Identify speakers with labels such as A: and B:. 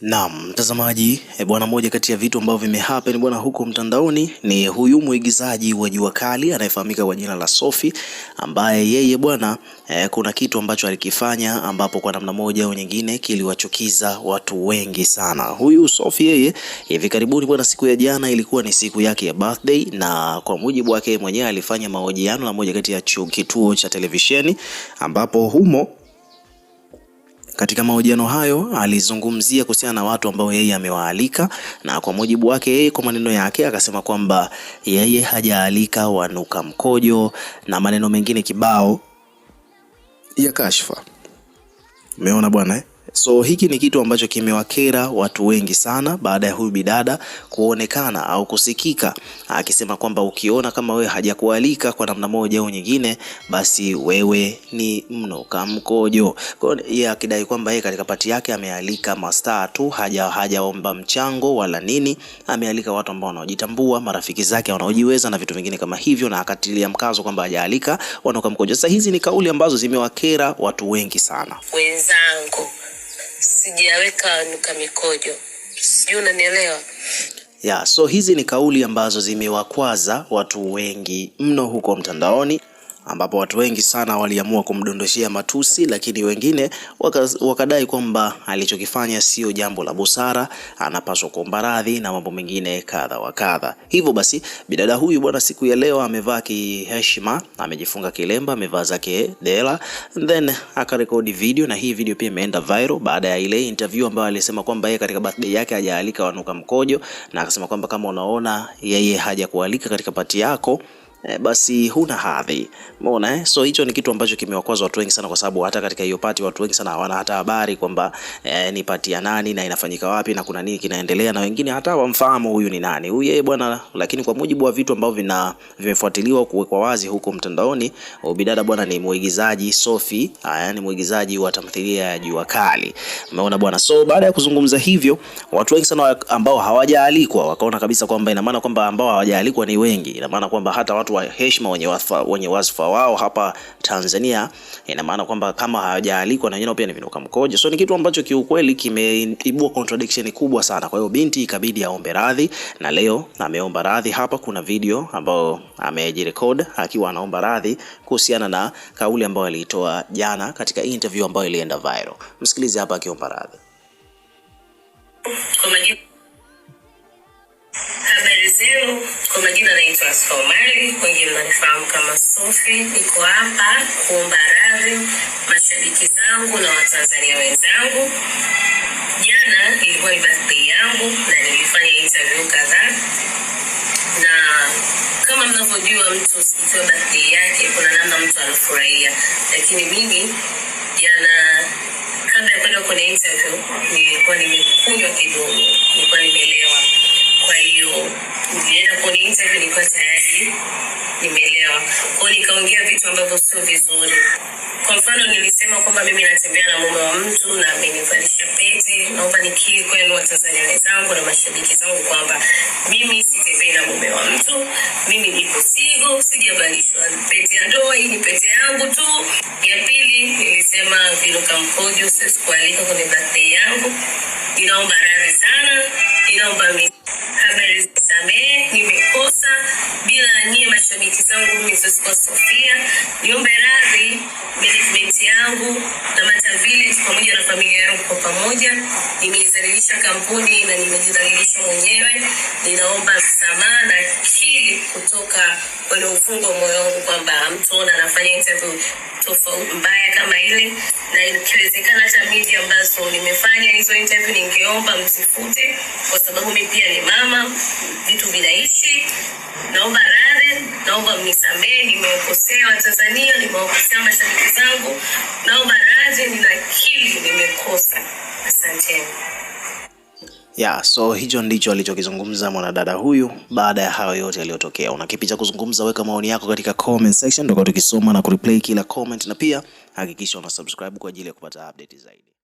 A: Naam, mtazamaji eh, bwana, moja kati ya vitu ambavyo vimehappen bwana huko mtandaoni ni huyu mwigizaji wa jua kali anayefahamika kwa jina la Sophie, ambaye yeye bwana e, kuna kitu ambacho alikifanya ambapo kwa namna moja au nyingine kiliwachukiza watu wengi sana. Huyu Sophie yeye hivi karibuni bwana, siku ya jana ilikuwa ni siku yake ya birthday, na kwa mujibu wake mwenyewe alifanya mahojiano na moja kati ya kituo cha televisheni ambapo humo katika mahojiano hayo alizungumzia kuhusiana na watu ambao yeye amewaalika, na kwa mujibu wake yeye, kwa maneno yake akasema kwamba yeye hajaalika wanuka mkojo na maneno mengine kibao ya kashfa. Umeona bwana eh? So hiki ni kitu ambacho kimewakera watu wengi sana, baada ya huyu bidada kuonekana au kusikika akisema kwamba ukiona kama wewe hajakualika kwa namna moja au nyingine, basi wewe ni mno kamkojo. Kwa hiyo akidai kwamba yeye katika pati yake amealika mastaa tu, haja hajaomba mchango wala nini, amealika watu ambao wanaojitambua, marafiki zake wanaojiweza na vitu vingine kama hivyo, na akatilia mkazo kwamba hajaalika wanaokamkojo. Sasa hizi ni kauli ambazo zimewakera watu wengi sana
B: wenzangu sijaweka nuka mikojo, sijui unanielewa
A: ya. So hizi ni kauli ambazo zimewakwaza watu wengi mno huko mtandaoni, ambapo watu wengi sana waliamua kumdondoshia matusi, lakini wengine wakadai kwamba alichokifanya sio jambo la busara, anapaswa kuomba radhi na mambo mengine kadha wa kadha. Hivyo basi bidada huyu bwana, siku ya leo amevaa kiheshima, amejifunga kilemba, amevaa zake dela, then akarekodi video, na hii video pia imeenda viral baada ya ile interview ambayo alisema kwamba yeye katika birthday yake hajaalika wanuka mkojo, na akasema kwamba kama unaona yeye hajakualika katika pati yako e, basi huna hadhi. Umeona eh? So hicho ni kitu ambacho kimewakwaza watu wengi sana, kwa sababu hata katika hiyo pati watu wengi sana hawana hata habari kwamba e, ni pati ya nani na inafanyika wapi na kuna nini kinaendelea, na wengine hata wamfahamu huyu ni nani huyu yeye bwana. Lakini kwa mujibu wa vitu ambavyo vina vimefuatiliwa kuwekwa wazi huko mtandaoni, bidada bwana ni mwigizaji Sofi, haya ni mwigizaji wa tamthilia ya Jua Kali. Umeona bwana, so baada ya kuzungumza hivyo, watu wengi sana ambao hawajaalikwa wakaona kabisa kwamba ina maana kwamba ambao hawajaalikwa ni wengi, ina maana kwamba hata watu watu wa heshima wenye wasifa wenye wasifa wao hapa Tanzania. Ina maana kwamba kama hawajaalikwa na wengine pia ni vinuka mkojo, so ni kitu ambacho kiukweli kimeibua contradiction kubwa sana. Kwa hiyo binti ikabidi aombe radhi, na leo ameomba radhi hapa. Kuna video ambayo amejirecord akiwa anaomba radhi kuhusiana na kauli ambayo aliitoa jana katika interview ambayo ilienda viral. Msikilize hapa akiomba radhi
B: zenu. Kwa majina naitwa Somali, wengine wanifahamu kama Sofi. Niko hapa kuomba radhi mashabiki zangu na Watanzania wenzangu. Jana ilikuwa ni birthday yangu na nilifanya interview kadhaa, na kama mnavyojua, mtu usikitia birthday yake, kuna namna mtu anafurahia, lakini mimi jana, kabla ya kwenda kwenye interview, nilikuwa nimekunywa kidogo kuongea vitu ambavyo sio vizuri. Kwa mfano, nilisema kwamba mimi natembea na mume wa mtu na amenivalisha pete. Naomba nikiri kwenu Watanzania wenzangu na mashabiki zangu kwamba mimi sitembei na mume wa mtu, mimi niko sigo sijavalishwa pete ya ndoa. Hii ni pete yangu tu. Ya pili, nilisema Viluka mkojo, sikualika kwenye birthday yangu. Ninaomba radhi sana, ninaomba habari na nyie mashabiki zangu Mizosport Sofia, niombe radhi management yangu Tamata Village pamoja na familia yangu kwa pamoja. Nimeizalilisha kampuni na nimejizalilisha mwenyewe, ninaomba msamaha na kutoka waliofungwa moyo wangu kwamba mtuona anafanya interview tofauti mbaya kama ile, na ikiwezekana hata miji ambazo nimefanya hizo interview ningeomba msifute, kwa sababu mimi pia ni mama, vitu vinaishi. Naomba radhi, naomba mnisamehe, nimeokosea Watanzania, nimeokosea mashabiki zangu,
A: Yeah, so hicho ndicho alichokizungumza mwanadada huyu baada ya hayo yote yaliyotokea. Una kipi cha kuzungumza? Weka maoni yako katika comment section, ndio tukisoma na kureplay kila comment, na pia hakikisha una subscribe kwa ajili ya kupata update zaidi.